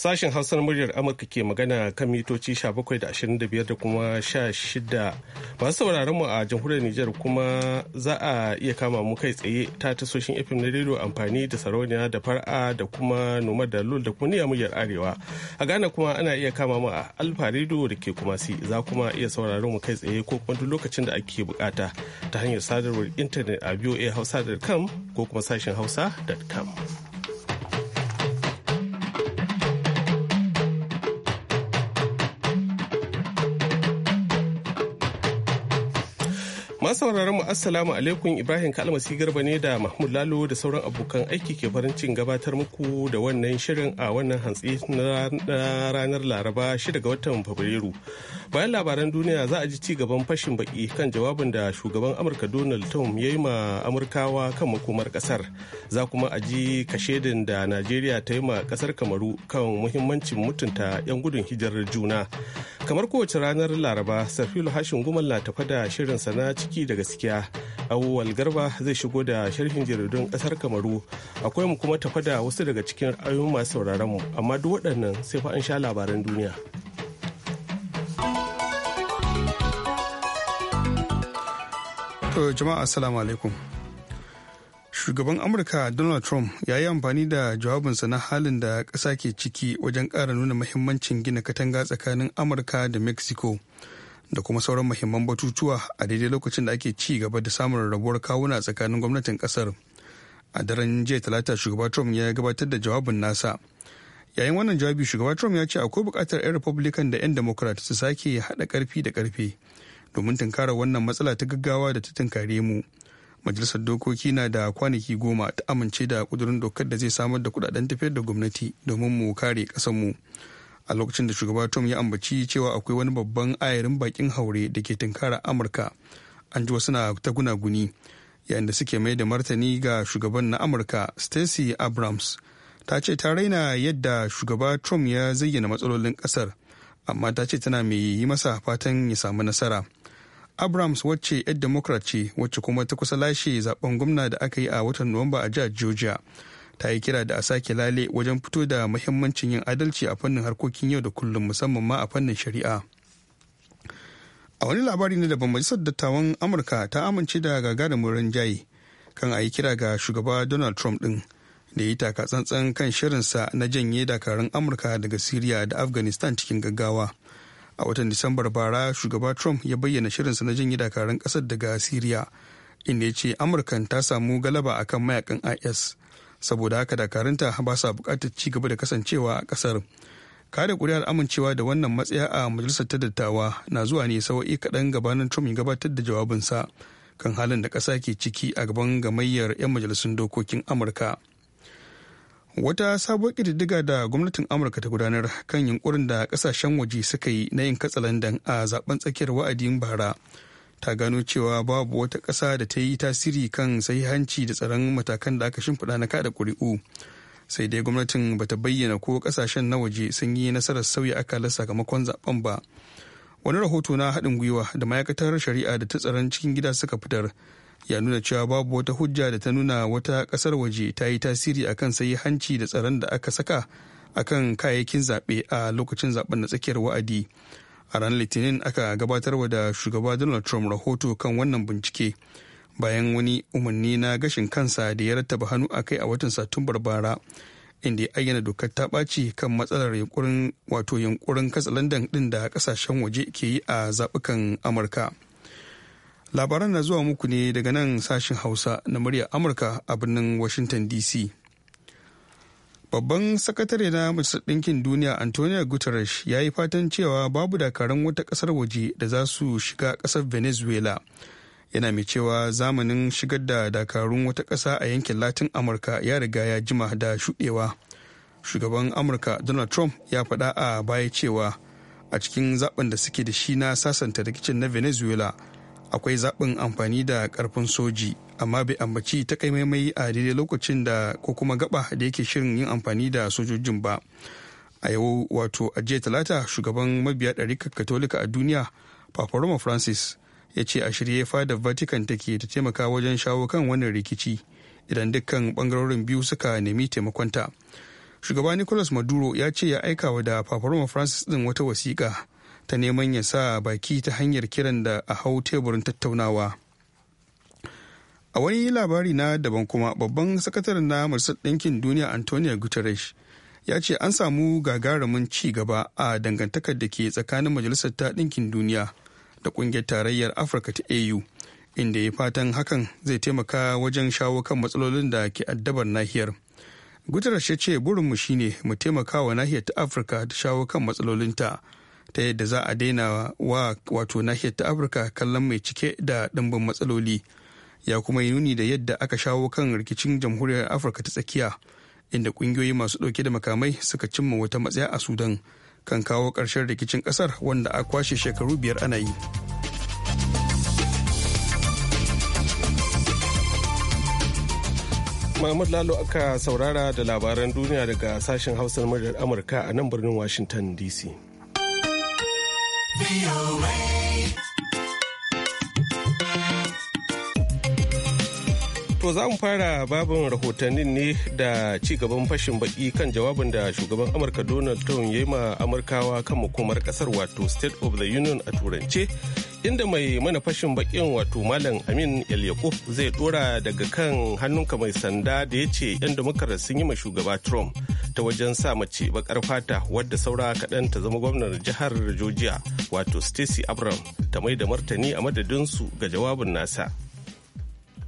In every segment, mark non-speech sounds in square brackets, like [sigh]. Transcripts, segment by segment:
Sashen Hausar muryar Amurka ke magana kan mitoci 17 da da kuma 16 masu sauraron mu a jamhuriyar Nijar kuma za a iya kama mu kai tsaye ta tasoshin FM na rediyo amfani da sarauniya da far'a da kuma noma da lul da kuniya muryar arewa. A Ghana kuma ana iya kama mu a Alfa rediyo da ke kuma si za kuma iya sauraron mu kai tsaye ko kuma duk lokacin da ake bukata ta hanyar sadarwar intanet a voahausa.com ko kuma sashen hausa.com. Ma sauraron mu assalamu alaikum Ibrahim si Garba ne da Mahmud Lalo da sauran abokan aiki ke farin cikin gabatar muku da wannan shirin a wannan hantsi na ranar Laraba 6 ga watan Fabrairu. Bayan labaran duniya za a ji ci gaban fashin baki kan jawabin da shugaban Amurka Donald Trump ya yi ma Amurkawa kan makomar kasar. Za kuma a ji kashedin da Najeriya ta yi ma kasar Kamaru kan muhimmancin mutunta 'yan gudun hijirar juna. kamar kowace ranar laraba safilu hashin goma na tafa da shirin sana ciki da gaskiya awuwal garba zai shigo da sharhin jaridun kasar kamaru akwai mu kuma tafa da wasu daga cikin ra'ayoyin masu sauraron mu amma duk waɗannan sai fa an sha labaran duniya to jama'a assalamu alaikum shugaban amurka donald trump ya yi amfani da jawabinsa na halin da ƙasa ke ciki wajen ƙara nuna mahimmancin gina katanga tsakanin amurka da mexico da kuma sauran mahimman batutuwa a daidai lokacin da ake ci gaba da samun rabuwar kawuna tsakanin gwamnatin ƙasar a daren jiya talata shugaba trump ya gabatar da jawabin nasa yayin wannan jawabi shugaba trump ya ce akwai buƙatar 'yan republican da 'yan democrat su sake haɗa ƙarfi da ƙarfe domin tunkara wannan matsala ta gaggawa da ta tunkare mu. majalisar dokoki na da kwanaki goma ta amince da kudurin dokar da zai samar da kudaden tafiyar da gwamnati domin mu kare kasanmu a lokacin da shugaba tom ya ambaci cewa akwai wani babban ayarin bakin haure da ke tunkara amurka an ji wasu na ta gunaguni yayin da suke mai da martani ga shugaban na amurka stacy abrams ta ce ta raina yadda shugaba trump ya zayyana matsalolin kasar amma ta ce tana mai yi masa fatan ya samu nasara abrams wacce 'yar democrat ce wacce kuma ta kusa lashe zaben gwamna da aka yi a watan nuwamba a jihar georgia ta yi kira da a sake lale wajen fito da mahimmancin yin adalci a fannin harkokin yau da kullum musamman ma a fannin shari'a a wani labari na daban majalisar dattawan amurka ta amince da gagarumin rinjaye kan a yi kira ga shugaba donald trump din da yi taka tsantsan kan shirinsa na janye dakarun amurka daga siriya da afghanistan cikin gaggawa a watan disambar bara shugaba trump ya bayyana shirinsa na yi dakarun kasar daga siriya inda ya ce amurkan ta samu galaba akan mayakan is saboda haka dakarunta ba sa bukatar ci gaba da kasancewa a kasar kada kuri'ar amincewa da wannan matsaya a majalisar ta dattawa na zuwa ne sawa'i kaɗan gabanin trump ya gabatar da jawabinsa kan halin da ƙasa ke ciki a gaban gamayyar 'yan majalisun dokokin amurka wata sabuwar ƙididdiga da gwamnatin amurka ta gudanar kan yunkurin da kasashen waje suka yi na yin katsalandan a zaben tsakiyar wa'adin bara ta gano cewa babu wata ƙasa da ta yi tasiri kan sai hanci da tsaron matakan da aka shimfiɗa na kada kuri'u. sai dai gwamnatin ba ta bayyana ko ƙasashen na waje sun yi nasarar sauya akalar sakamakon zaben ba wani rahoto na haɗin gwiwa da ma'aikatar shari'a da ta tsaron cikin gida suka fitar ya nuna cewa babu wata hujja da ta nuna wata kasar waje ta yi tasiri akan sayi hanci da tsaron da aka saka akan kayayyakin zaɓe a lokacin zaɓen na tsakiyar wa'adi a ranar litinin aka gabatarwa da shugaba donald trump rahoto kan wannan bincike bayan wani umarni na gashin kansa da ya rattaba hannu a kai a watan satumbar bara inda ya ayyana dokar ta ɓaci kan matsalar yunkurin wato yunkurin katsa ɗin da ƙasashen waje ke yi a zaɓukan amurka. labaran na zuwa muku ne daga nan sashen hausa na muryar amurka a birnin washington dc babban sakatare na majalisar ɗinkin duniya antonio guterres ya yi fatan cewa babu dakarun wata ƙasar waje da za su shiga ƙasar venezuela yana mai cewa zamanin shigar da dakarun wata ƙasa a yankin latin amurka ya riga ya jima da shuɗewa shugaban amurka donald trump ya faɗa a baya cewa a cikin zaben da suke da shi na sasanta rikicin na venezuela akwai zaɓin amfani da ƙarfin soji amma bai ambaci takaimaimai a daidai lokacin da ko kuma gaba da yake shirin yin amfani da sojojin ba a yau wato a jiya talata shugaban mabiya ɗarikar katolika a duniya papa roma francis ya ce a shirye fadar vatican take ta taimaka wajen shawo kan wannan rikici idan dukkan bangarorin biyu suka nemi taimakonta shugaba nicolas maduro ya ce ya aikawa da papa roma francis din wata wasiƙa ta neman ya sa baki ta hanyar kiran da a hau teburin tattaunawa a wani labari na daban kuma babban sakataren na majalisar ɗinkin duniya antonio guterres ya ce an samu gagarumin ci gaba a dangantakar da ke tsakanin majalisar ta ɗinkin duniya da ƙungiyar tarayyar afirka ta au inda ya fatan hakan zai taimaka wajen shawo kan matsalolin da ke addabar nahiyar guterres ya ce burinmu shine mu taimaka wa nahiyar ta afirka da shawo kan matsalolinta ta yadda za a daina wa wato nahiyar ta afirka kallon mai cike da ɗimbin matsaloli ya kuma yi nuni da yadda aka shawo kan rikicin jamhuriyar afirka ta tsakiya inda ƙungiyoyi masu ɗauke da makamai suka cimma wata matsaya a sudan kan kawo ƙarshen rikicin ƙasar wanda a kwashe shekaru biyar ana yi Muhammad Lalo aka saurara da labaran duniya daga sashen hausar muryar Amurka a nan birnin Washington DC. To za mu fara babin rahotannin ne da ci gaban fashin baki kan jawabin da shugaban Amurka Donald Trump ya yi ma Amurkawa kan makomar kasar wato State of the Union a turance. Inda mai mana fashin bakin wato Malam Amin El zai dora daga kan hannunka mai sanda da ya ce 'yan Democrats sun yi ma shugaba Trump. ta wajen sa mace bakar fata wadda saura kaɗan ta zama gwamnar jihar Georgia wato Stacey Abram ta mai da martani a madadinsu ga jawabin nasa.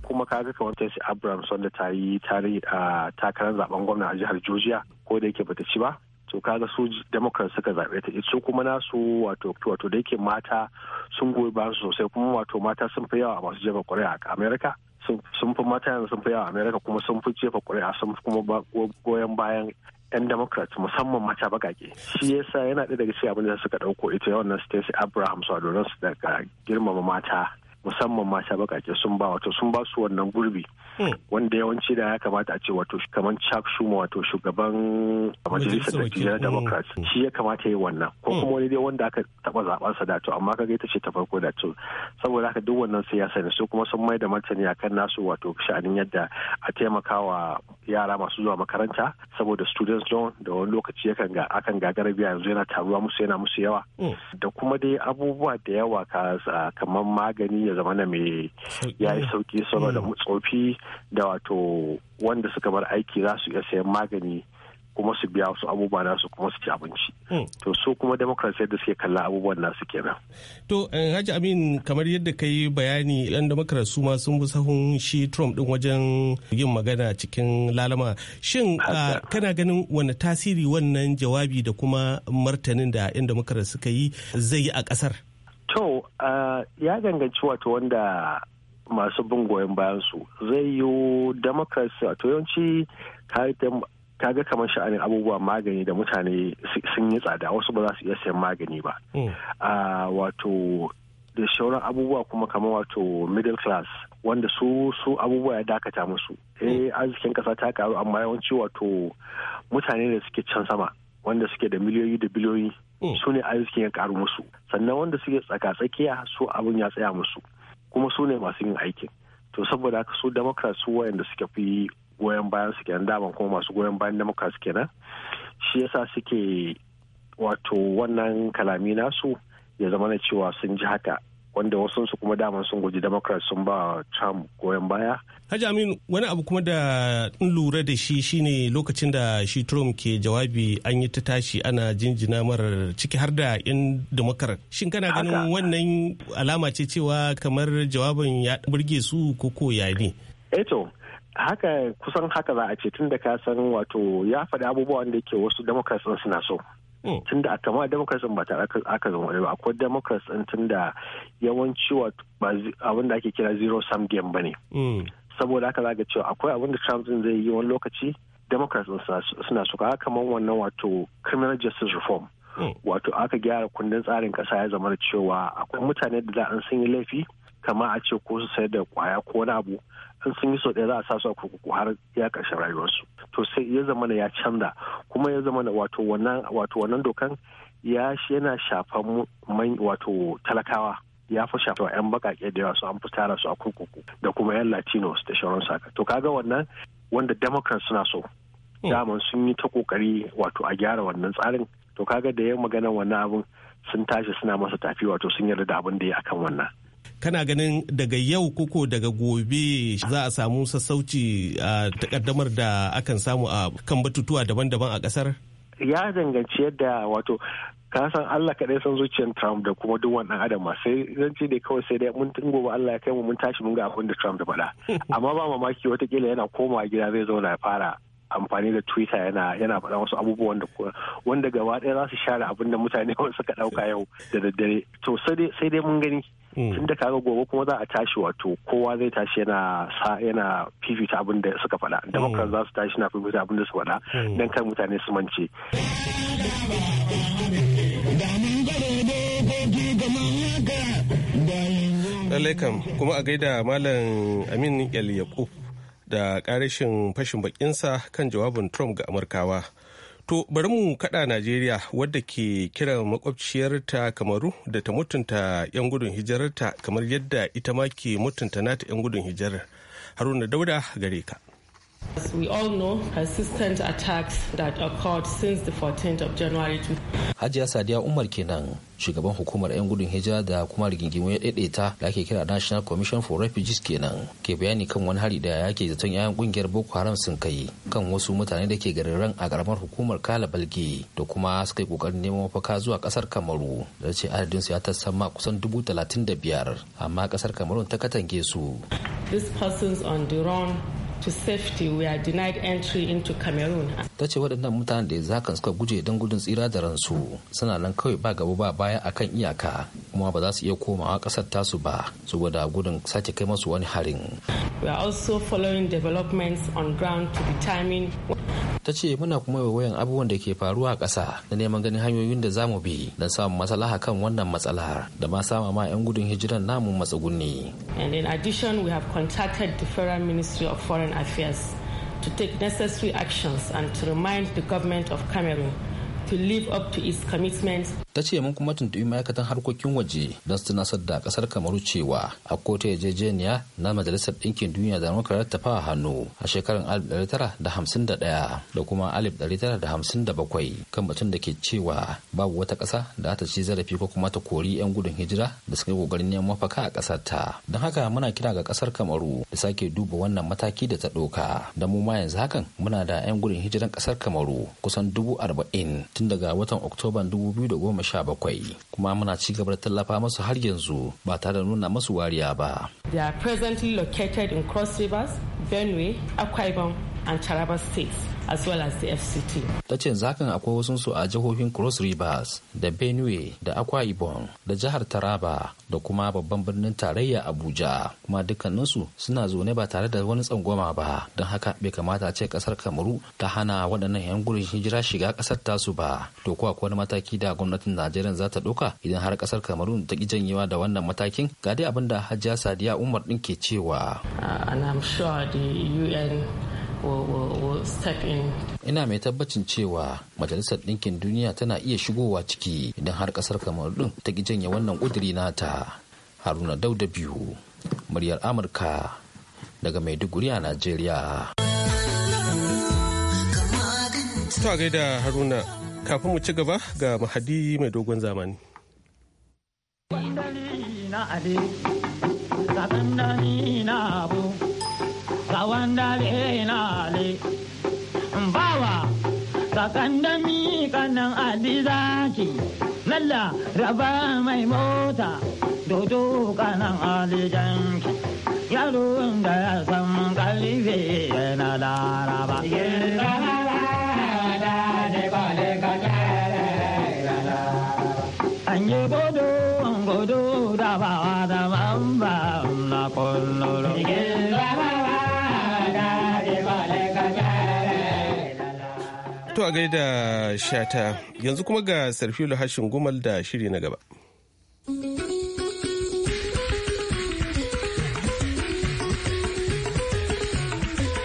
kuma ka ga kamar Stacey Abrams wanda ta yi takarar zaben gwamna a jihar Georgia ko da yake bata ci ba to kaga su democrat suka zaɓe ta su kuma nasu wato wato da yake mata sun goyi ba su sosai kuma wato mata sun fi yawa masu jefa ƙuri'a a amerika sun fi mata yanzu sun fi yawa america kuma sun fi jefa kuri'a sun fi kuma goyon bayan yan democrats musamman mata bakake shi yasa yana ɗaya daga cikin abin da suka ɗauko ita wannan stacy abraham su don su daga girmama mata musamman ma mata bakake sun ba wato sun ba su wannan gurbi hmm. wanda yawanci da ya kamata a ce wato kamar Chuck Schumer wato shugaban majalisar dattijan Democrat hmm. shi ya kamata ya yi wannan ko hmm. kuma wani dai wanda aka taba zaben sa dato amma kaga ita ce ta farko da to saboda haka duk wannan siyasa ne su kuma sun mai da martani kan nasu wato sha'anin yadda a taimakawa yara masu zuwa makaranta saboda students loan da wani lokaci yakan ga akan gagara biya yanzu yana taruwa musu yana musu yawa da kuma dai abubuwa da yawa kamar magani ya zama na mai ya yi sauki saboda mm. tsofi da wato wanda suka bar aiki za su iya sayan magani kuma su biya wasu abubuwa nasu kuma su ci abinci. Mm. To su kuma demokrasiyar yadda suke kalla abubuwan nasu kenan. To eh, Hajji Amin kamar yadda ka yi bayani yan Democrats su ma sun bi sahun shi Trump din wajen yin magana cikin lalama. Shin ah, kana ganin wani tasiri wannan jawabi da kuma martanin da yan Democrats suka yi zai yi a ƙasar To, ya ganganci wato wanda masu bin goyon bayan su zai yi democracy wato yawanci kaga kamar sha'anin abubuwa magani da mutane sun yi tsada wasu ba za su iya sayan magani ba. Hmm. Wato, da shauran abubuwa kuma kamar wato middle class wanda su su abubuwa ya dakata musu. Hmm. Eh, arzikin kasa ta karu amma yawanci wato mutane da suke can sama wanda suke da miliyoyi da biliyoyi Mm. su ne arziki ya karu musu sannan wanda suke tsaka-tsakiya su abin ya tsaya musu kuma su ne masu yin aikin to saboda haka su democrats su wayanda suke fi goyon bayan su kenan daman kuma masu goyon bayan democrats kenan shi yasa suke wato wannan kalami nasu ya zama na cewa sun ji haka wanda wasunsu kuma daman sun guji democrats sun ba trump goyon baya Hajji Amin wani abu kuma da in lura da shi shine lokacin da shi Trump ke jawabi an yi ta tashi ana jinjina marar ciki har da in Democrat. Shin kana ganin wannan alama ce cewa kamar jawabin ya burge su koko ya ne? Eto, eh haka kusan haka za a ce tun da ka san wato ya faɗi abubuwan da ke wasu Democrats suna so. Mm. tun da kama democrats ba tare aka zama ba akwai democrats din tun da yawanci abin da ake kira zero sum game ba ne mm. saboda haka zaga cewa akwai abin da trump din zai yi wani lokaci democrats suna suka kamar wannan wato criminal justice reform mm. wato aka gyara kundin tsarin kasa ya zama da cewa akwai mutane da za sun yi laifi kama a ce ko su sayar da kwaya ko wani abu in sun yi so ɗaya za a sa su a kurkuku har ya ƙarshen rayuwarsu to sai ya zama ya canza kuma ya zama wato wannan wato wannan dokan ya yana shafan wato talakawa ya fi shafa 'yan bakake da yawa su an fi tara su a kurkuku da kuma 'yan latinos da shauran saka to kaga wannan wanda democrats suna so hmm. daman sun yi ta kokari wato a gyara wannan tsarin to kaga da ya magana wannan abun sun tashi suna masa tafi wato sun yarda da abin da ya akan wannan kana ganin daga yau koko daga gobe za a samu sassauci a takaddamar da akan samu a kan batutuwa daban-daban a kasar ya danganci yadda wato ka Allah kaɗai san zuciyar Trump da kuma duk wannan adam sai zan ce da kawai sai dai mun gobe Allah ya kai mu mun tashi mun ga abin da Trump da faɗa [laughs] amma ba mamaki watakila yana komawa gida zai zauna ya fara amfani da Twitter yana yana faɗa wasu abubuwan da wanda gaba ɗaya za su share abin da mutane [laughs] suka ɗauka yau da daddare to sai dai mun gani Mm. tun da kaga gobe kuma za a tashi wato kowa zai tashi yana sa yana fifita abin da suka faɗa democrat mm. za su tashi na fifita abin da su faɗa mm. don kan mutane su mance lallai kam kuma a gaida malam amin el yakub da karashin fashin bakinsa kan jawabin trump ga amurkawa To bari mu kada Najeriya wadda ke kiran makwabciyarta Kamaru da ta mutunta 'yan gudun hijirarta kamar yadda ita ma ke mutunta nata 'yan gudun hijirar. Haruna Dauda gare ka. we all know, persistent attacks that occurred since the 14th of January. Hajiya Sadiya Umar kenan shugaban hukumar 'yan gudun hijira da kuma rigingimu ya daidaita da ake kira National Commission for Refugees kenan ke bayani kan wani hari da yake zaton 'ya'yan kungiyar Boko Haram sun kai kan wasu mutane da ke garin a karamar hukumar Kala Balge da kuma suka yi kokarin neman mafaka zuwa kasar Kamaru da ce adadin su ya tasamma kusan dubu talatin da biyar amma kasar Kamarun ta katange su. This persons on the run to safety we are denied entry into Cameroon. Ta ce waɗannan mutanen da yanzu hakan suka guje don gudun tsira da ransu suna nan kawai ba gaba ba baya akan iyaka kuma ba za su iya komawa ƙasar tasu ba saboda gudun sake kai masu wani harin. We are also following developments on ground to determine ta ce muna kuma wayan abubuwan da ke faruwa a ƙasa da neman ganin hanyoyin da za mu bi don samun maslaha kan wannan matsala da ma sama ma 'yan gudun hijiran namu matsugunni. And in addition, we have contacted the Federal Ministry of Foreign Affairs to take necessary actions and to remind the government of Cameroon to live up to its commitments. Ta ce mun kuma tuntubi ma'aikatan harkokin waje don su tunasar da kasar Kamaru cewa a kotu yarjejeniya na Majalisar Ɗinkin Duniya da muka a hannu a shekarar 1951 da kuma 1957 kan batun da ke cewa babu wata ƙasa da ta ci zarafi ko kuma ta kori 'yan gudun hijira da suka yi ƙoƙarin neman mafaka a ƙasar ta. Don haka muna kira ga ƙasar Kamaru da sake duba wannan mataki da ta ɗauka. Da mu ma yanzu hakan muna da 'yan gudun hijiran ƙasar Kamaru kusan dubu arba'in tun daga watan oktoban 2017 kuma muna ci gaba da tallafa masu har yanzu ba tare da nuna masu wariya ba. They are presently located in Cross Rivers, Benue, Akwa Ibom, and Taraba states as well as the FCT. Ta ce zakan akwai wasu su a jihohin Cross Rivers da Benue da Akwa Ibom da jihar Taraba da kuma babban birnin tarayya Abuja kuma dukkaninsu suna zaune ba tare da wani tsangwama ba don haka bai kamata a ce kasar Kamaru ta hana waɗannan 'yan gurin hijira shiga kasar tasu ba. To ko akwai mataki da gwamnatin Najeriya za ta ɗauka idan har kasar Kamaru ta ki janyewa da wannan matakin ga dai abin da Hajiya Sadiya Umar ɗin ke cewa. Uh, and I'm sure the UN Ina mai tabbacin cewa Majalisar Ɗinkin Duniya tana iya shigowa ciki idan har ƙasar kamar ɗin ta ki janye wannan ƙuduri nata. Haruna Dauda biyu, muryar Amurka daga Maiduguri a Najeriya. Ta gaida Haruna, kafin mu ci gaba ga Mahadi mai dogon zamani. na na abu. ga wanda benale bawa sakandami kanan alizaki lalla raba mai mota dodo kanan alijanki yaron da ya san kalife yana laraba an yi godo godo da bawa da mamba na kwallo a gaida shata yanzu kuma ga sarfilo hashin gumal da shiri na gaba.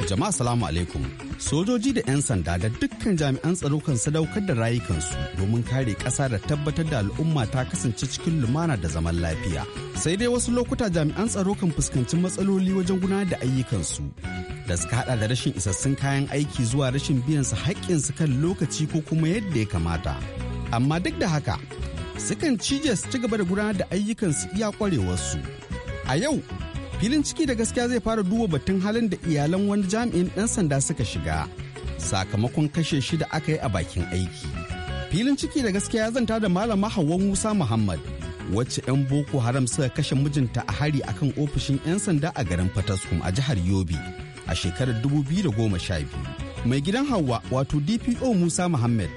Jama'a salamu alaikum. sojoji da 'yan sanda da dukkan jami'an tsaro kan sadaukar da rayukansu domin kare ƙasa da tabbatar da al'umma ta kasance cikin lumana da zaman lafiya sai dai wasu lokuta jami'an tsaro kan fuskanci matsaloli wajen gudanar da ayyukansu da suka hada da rashin isassun kayan aiki zuwa rashin biyan su haƙƙin su kan lokaci ko kuma yadda ya kamata amma duk da haka sukan cije su ci gaba da gudanar da ayyukansu iya ƙwarewarsu a yau filin ciki da gaskiya zai fara duba batun halin da iyalan wani jami'in ɗan sanda suka shiga sakamakon kashe shi da aka yi a bakin aiki filin ciki da gaskiya ya zanta da malama hawa musa muhammad wacce 'yan boko haram suka kashe mijinta a hari akan ofishin 'yan sanda a garin fataskum a jihar yobe a shekarar dubu biyu da goma sha biyu. mai gidan hawa wato dpo musa muhammad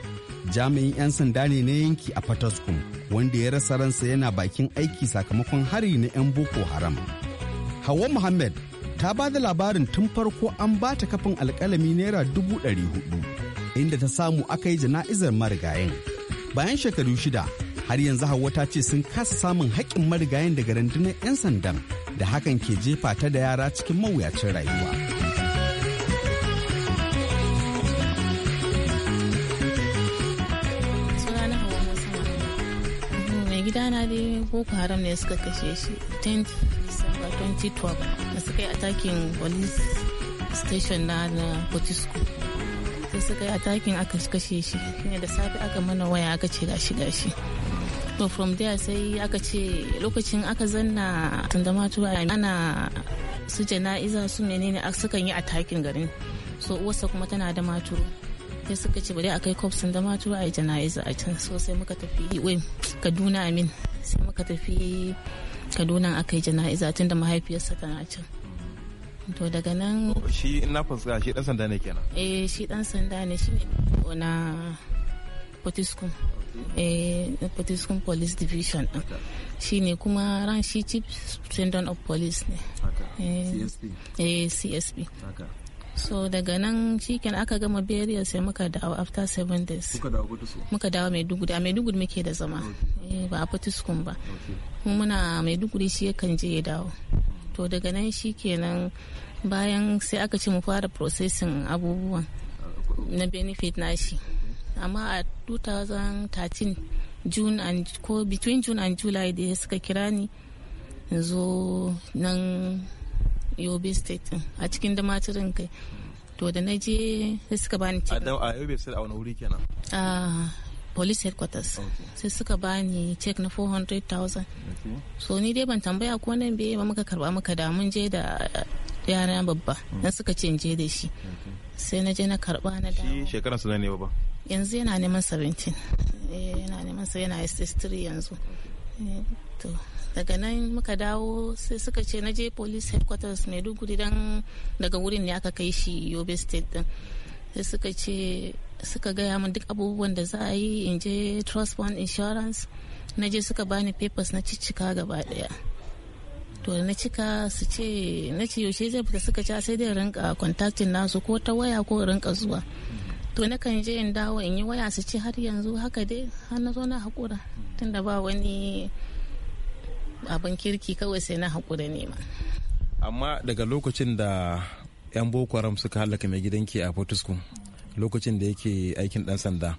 jami'in 'yan sanda ne na yanki a fataskum wanda ya rasa ransa yana bakin aiki sakamakon hari na 'yan boko haram Hauwa Muhammad ta ba da labarin tun farko an ba ta kafin alkalami naira dubu ɗari hudu inda ta samu aka yi jana'izar marigayen. Bayan shekaru shida har yanzu Hauwa ta ce sun kasa samun haƙƙin marigayen daga rundunar 'yan sandan da hakan ke jefa ta da yara cikin mawuyacin rayuwa. gidana dai boko haram ne suka kashe shi 2012 da suka yi atakin police station na na Potisco. Sai suka yi atakin aka kashe shi. Shine da safe aka mana waya aka ce gashi gashi. To from there sai aka ce lokacin aka zanna tun da tandamatu ana su jana'iza su menene suka yi atakin garin. So uwarsa kuma tana da matu sai suka ce bari akai kai cops da matu a yi jana'iza a can so sai muka tafi kaduna amin sai muka tafi kaduna aka yi jana'iza tun da mahaifiyarsa tana can to daga nan shi na fuska shi dan sanda ne kenan eh shi dan sanda ne shi ne na potiskum eh potiskum police division shi ne kuma ran shi chief superintendent of police ne eh csp eh, so daga nan shiken aka gama burial sai muka dawo after seven days muka dawo maiduguri a maiduguri muke da zama eh, ba a fitiskun ba kuma muna maiduguri shi yakan je ya dawo to daga nan shikenan bayan sai aka ce mu fara processing abubuwan na benefit na shi amma a 2013 june and ko between june and july da suka kira ni zo nan yobe state a cikin damatirin kai to da na je suka bani cikin a yobe state a wani wuri kenan a police headquarters sai suka bani check na 400,000 so ni dai ban tambaya ko nan biye ba muka karba muka da mun je da yaran babba na suka ce je da shi sai na je na karba na da shi shekaran su ne ba yanzu yana neman 17 eh, yana neman sa yana ss3 yanzu eh, to daga nan muka dawo sai suka ce na je police headquarters maiduguri dan daga wurin ne aka kai shi yobe state din sai suka ce suka gaya min duk abubuwan da za a yi in je trust fund insurance na je suka bani papers na ciccika gaba daya to na cika su ce na ce yaushe zai fita suka ci ah, sai dai rinka contacting nasu ko ta waya ko rinka zuwa to na kan je in dawo in yi waya su ce har yanzu haka dai har na zo na hakura tunda ba wani abin kirki kawai sai na haƙura nema amma daga lokacin da 'yan boko haram suka halaka mai gidanki a fortescue lokacin da yake aikin dan sanda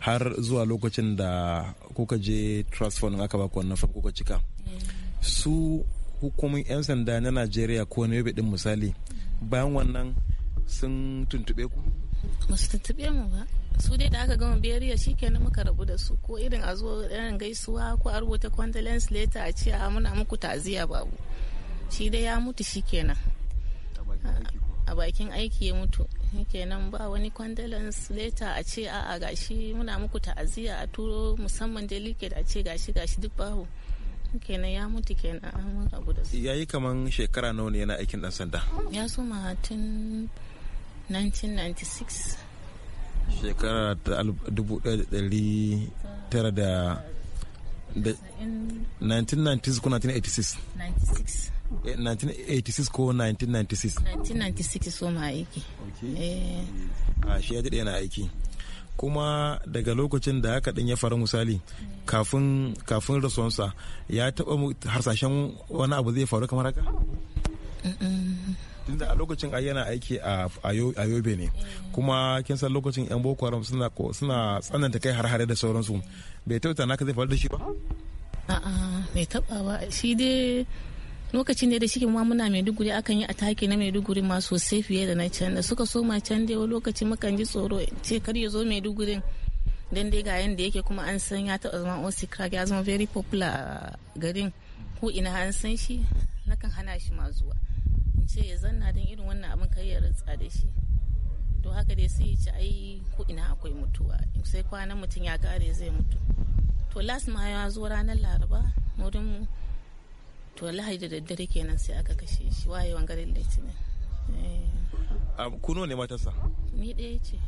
har zuwa lokacin da kuka je trust fund aka baku wannan farko kuka cika su hukumin 'yan sanda na najeriya ko na yobe din misali bayan wannan sun tuntube ku ba su tuntube mu ba su dai da aka gama beriya shikenan muka rabu da su ko irin a zo irin gaisuwa ko a rubuta condolence letter a ce a muna muku taziya babu shi dai ya mutu shikenan a bakin aiki ya mutu shikenan ba wani condolence letter a ce a'a gashi muna muku ta'aziyya a turo musamman da a ce gashi gashi duk babu kenan ya mutu kenan an abu da su yayi kaman shekara nawa ne yana aikin dan sanda ya soma tun 1996 shekarar 1996 ko 1986 1986 eh, ko 1996 1996 so ma aiki eh. a shi ya daɗe yana aiki kuma daga lokacin da haka ɗin ya faru misali kafin kafin rasuwansa ya taɓa harsashen wani abu zai faru kamar haka da a lokacin yana aiki a yobe ne mm. kuma kin san lokacin yan boko haram suna suna tsananta kai har hare da sauransu bai tauta naka zai faru da shi ba a'a bai taba ba shi dai lokacin da da shi ma muna duguri akan yi a ataki na mai duguri ma sosai fiye da na can da suka soma can dai wani lokaci mukan ji tsoro ce kar ya zo dugurin dan dai ga yanda yake kuma an san ya taɓa zama on crack ya zama very popular garin ko ina an san shi nakan hana shi ma zuwa ce ya zanna don irin wannan abin kai ya rutsa da shi to haka dai sai ci ai ko ina akwai mutuwa sai kwanan mutum ya kare zai mutu to las ma ya zo ranar laraba wurin mu to lahadi da daddare kenan sai aka kashe shi wayewan garin litinin eh. a kuno ne matasa ni ɗaya ce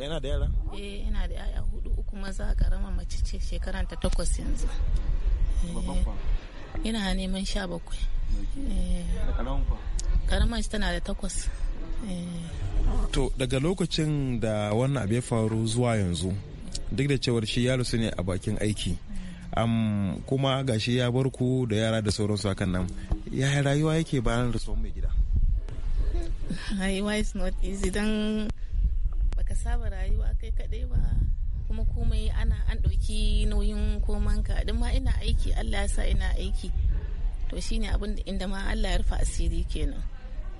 yana da yara eh yana da yaya hudu uku maza karama mace ce shekaran ta takwas yanzu eh. yana neman sha bakwai karamar tana da takwas eh. to daga lokacin da wannan abu ya faru zuwa yanzu duk da cewar shi yaro su ne a bakin aiki um, kuma gashi ya bar ku da yara da sauransu akan nan ya rayuwa yake bayan da mai gida rayuwa is not easy don baka saba rayuwa kai kadai ba kuma komai ana an ɗauki nauyin komanka duk ma ina aiki allah ya sa ina aiki to shine abin inda ma allah ya rufa asiri kenan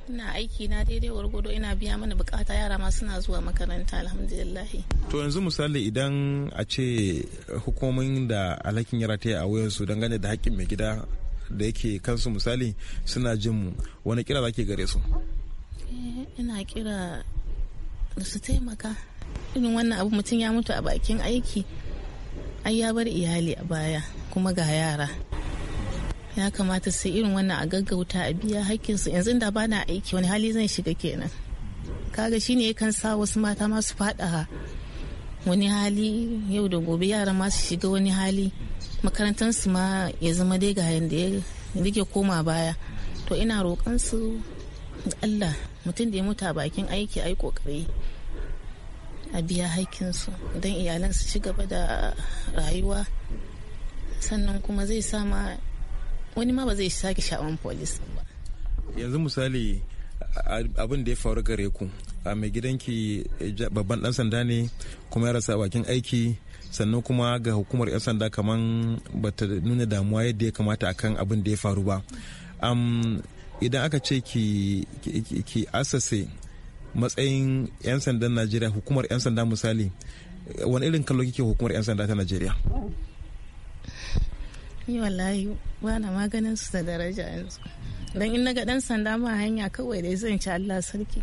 ina aiki na daidai gwargwado ina biya mana bukata yara ma suna zuwa makaranta alhamdulillah to yanzu misali idan a ce hukumomin da alhakin yara ta yi a don dangane da haƙƙin mai gida da yake kansu misali suna jin wani kira zake gare su eh, ina kira da su taimaka irin wannan abu mutum ya mutu a bakin aiki ai ya bar iyali a baya kuma ga yara ya kamata su irin wannan a gaggauta a biya hakkinsu yanzu da ba aiki wani hali zan shiga kenan kaga shine kan sa wasu mata masu fada wani hali yau da gobe yara masu shiga wani hali makarantarsu ma ya zama dai ga yadda ya rike koma baya to ina roƙon su Allah mutum da ya mutu a bakin aiki ai kokari a biya su don iyalan su ci gaba da rayuwa sannan kuma zai sama wani ma ba zai sake sha'awan polis ba yanzu misali abin da ya faru gare ku a mai gidanki eh, babban dan sanda ne kuma ya rasa bakin aiki sannan kuma ga hukumar 'yan sanda kaman ba nuna damuwa yadda ya kamata akan abin da ya faru ba idan aka ce ki asase matsayin 'yan sandan najeriya hukumar 'yan sanda misali eh, wani irin kallo kike hukumar 'yan sanda ta najeriya yi wallahi ba na maganin su da daraja yanzu. don in naga dan sanda ma hanya kawai da zan ci Allah sarki.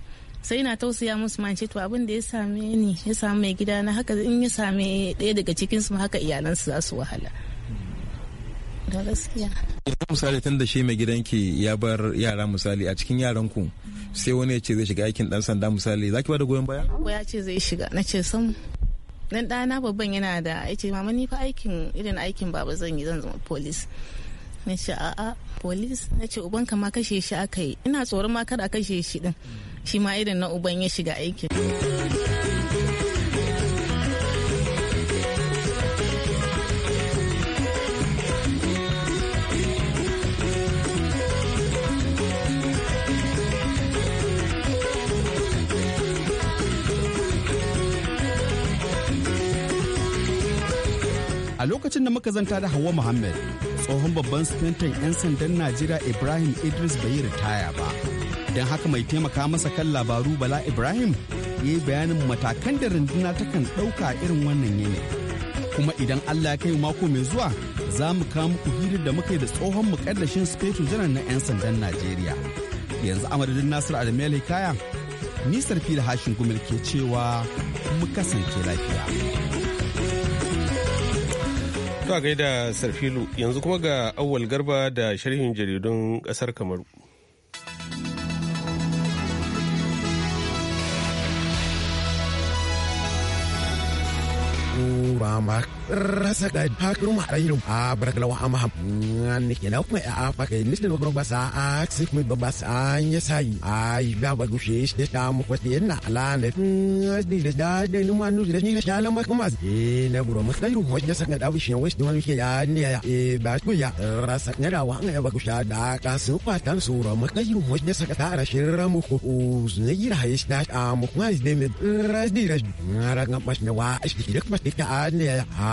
sai na tausaya musu ma ce to abin da ya same ni ya same mai gida na haka in ya same ɗaya daga cikin su haka iyalan su za su wahala da gaskiya misali tun da shi mai ki ya bar yara misali a cikin yaran ku sai wani ya ce zai shiga aikin dan sanda misali zaki ba da goyon baya ko ya ce zai shiga na ce sam dan ɗana babban yana da ya ce mama ni fa aikin irin aikin baba zan yi zan zama polis na ce a'a polis na ce uban ka ma kashe shi aka yi ina tsoron ma kada kashe shi din shi ma irin na uban ya shiga aikin a lokacin da muka zanta da hawa muhammad tsohon babban sifintan 'yan sandan najeriya ibrahim idris bai yi ritaya ba don haka mai taimaka masa kan labaru bala ibrahim ya yi bayanin matakan da runduna kan ɗauka irin wannan yini. kuma idan allah ya kai mako mai zuwa za mu kawo muku hirar da muka yi da tsohon mukaddashin sufeto janar na 'yan sandan najeriya yanzu amadadin nasir adamu kaya nisar fili hashin gumil ke cewa mu kasance lafiya. To gaida Sarfilu yanzu kuma ga awwal garba da sharhin jaridun kasar Kamaru. rasa da hakru ma rayirum a barakalawa amma ham ni kina kuma a fa kai ni da gurba sa a sik mi baba sa an sai ai da ba gushe shi da mu ko na ala ne ni da da da ni ma nu da ni da la ma kuma e na gurba mu sai ru wajja saka da bishin wai da wani ya ni ya e ba ku ya rasa ne da wa an ya ba gusha da ka su fa tan su ro mu kai ru wajja saka ta ra shi ra mu ko ne yira ya shi da mu kuma ne me ra di ra ra ga ne wa shi da kuma ta ne ya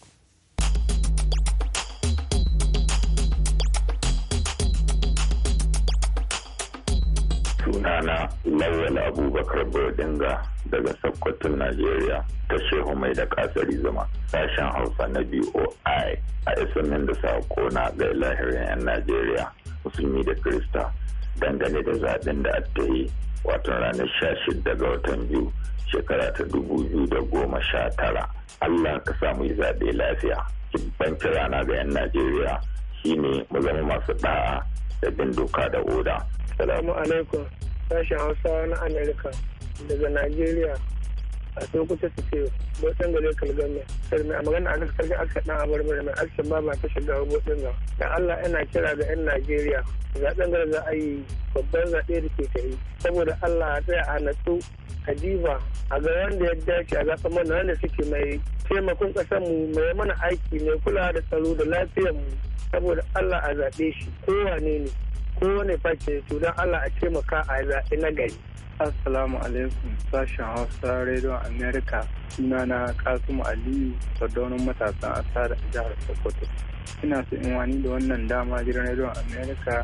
sunana lawal abubakar bodinga daga sokoton najeriya ta shehu mai da kasari zama sashen hausa na boi a isanin da sako na ga lahirin 'yan najeriya musulmi da krista dangane da zaɓen da ta yi wato ranar 16 ga watan biyu shekara ta dubu biyu da goma sha tara. allah ka samu yi zaɓe lafiya kibban rana ga 'yan najeriya shine mu zama masu da'a da bin doka da oda. Salamu alaikum. sashen hausa na amerika daga nigeria a sokuta su ce botsin gare kalgame sai mai magana a nan sarki aka dan abar mai akshin ba ba ta shiga botsin ga da allah yana kira ga yan najeriya zaɓen gare za a yi babban zaɓe da ke kai saboda allah a tsaya a natsu a a ga wanda ya dace a zaɓa mana wanda suke mai taimakon mu mai mana aiki mai kula da tsaro da lafiyar mu. saboda allah a zaɓe shi kowa ne ne kowane face su don Allah a maka a zaɓi na gari. Assalamu alaikum sashen Hausa Radio America sunana Kasum Aliyu Sardaunin matasan asa a jihar Sokoto. Ina so in wani da wannan dama gidan Radio America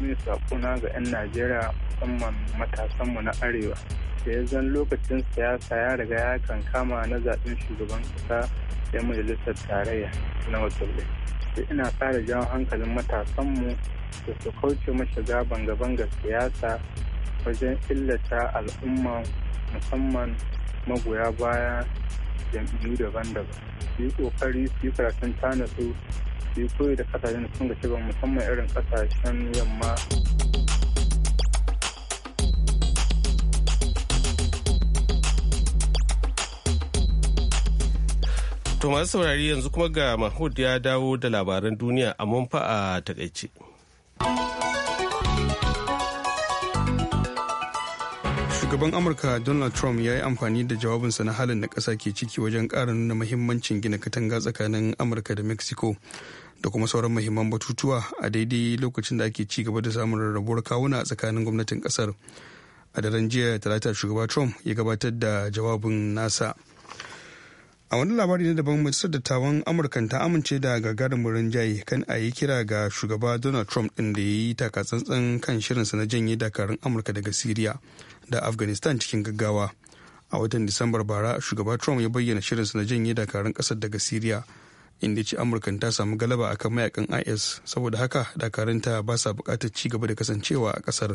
mai saƙona ga 'yan Najeriya musamman matasanmu na Arewa. Da ya zan lokacin siyasa ya riga ya kankama na zaɓen shugaban ƙasa da majalisar tarayya na Wasalai. sai ina ƙara jawo hankalin matasanmu da su kauce gaban gaban ga siyasa wajen illata al'umma musamman magoya baya jam'iyyu daban-daban su yi ƙoƙari su yi karatun tana su su yi koyi da kasashen sun ga musamman irin kasashen yamma To masu saurari yanzu kuma ga Mahmud ya dawo da labaran duniya a fa a takaice. Shugaban Amurka Donald Trump ya yi amfani da jawabinsa na halin da ƙasa ke ciki wajen ƙara nuna mahimmancin gina katanga tsakanin Amurka da Mexico da kuma sauran mahimman batutuwa a daidai lokacin da ake ci gaba da samun rarrabuwar kawuna a tsakanin gwamnatin ƙasar. A daren jiya talata shugaba Trump ya gabatar da jawabin nasa. a wani labari na daban majalisar dattawan amurka ta amince da gagarumin rinjaye kan a yi kira ga shugaba donald trump din da ya yi takatsantsan kan shirinsa na janye dakarun amurka daga syria da afghanistan cikin gaggawa a watan disambar bara shugaba trump ya bayyana shirinsa na janye dakarun kasar daga syria inda ce amurkan ta samu galaba akan mayakan is saboda haka dakarun ta ba sa bukatar ci gaba da kasancewa a kasar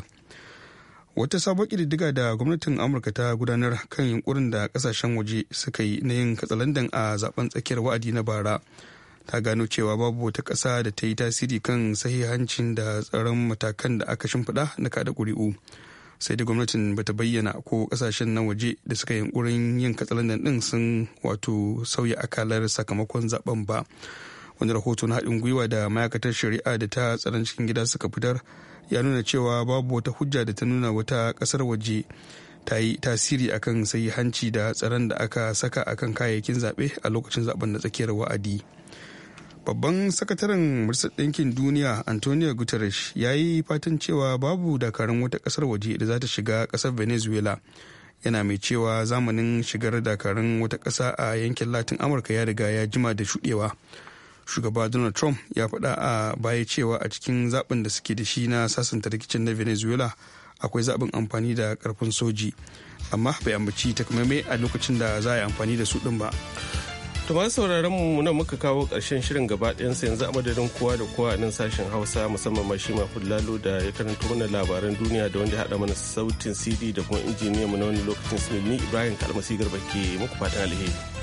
wata sabon kididdiga da gwamnatin amurka ta gudanar kan yunkurin da kasashen waje suka yi na yin katsalandan a zaben tsakiyar wa'adi na bara ta gano cewa babu wata ƙasa da ta yi tasiri kan sahihancin da tsaron matakan da aka shimfiɗa na kada ƙuri'u sai da gwamnatin bata bayyana ko kasashen na waje da suka yi yunkurin yin katsalandan ɗin sun wato sauya akalar sakamakon zaben ba wani rahoto na haɗin gwiwa da ma'aikatar shari'a da ta tsaron cikin gida suka fitar ya nuna cewa babu wata hujja da ta nuna wata kasar waje ta yi tasiri akan sai hanci da tsaron da aka saka akan kayayyakin zaɓe a lokacin zaben da tsakiyar wa'adi babban sakataren majalisar ɗinkin duniya antonio guterres ya yi fatan cewa babu dakarun wata ƙasar waje da za ta shiga ƙasar venezuela yana mai cewa zamanin shigar dakarun wata ƙasa a yankin latin amurka ya riga ya jima da shuɗewa shugaba donald trump ya faɗa a baya cewa a cikin zaɓin da suke da shi na sasanta rikicin na venezuela akwai zaɓin amfani da ƙarfin soji amma bai ambaci takamaimai a lokacin da za a yi amfani da su ɗin ba to ba sauraron mu nan muka kawo ƙarshen shirin gaba sa yanzu a madadin kowa da kowa a nan sashen hausa musamman ma shi lalo da ya karanta mana labaran duniya da wanda haɗa mana sautin cd da kuma injiniyan mu na wani lokacin su ibrahim kalmasi garba ke muku fatan alheri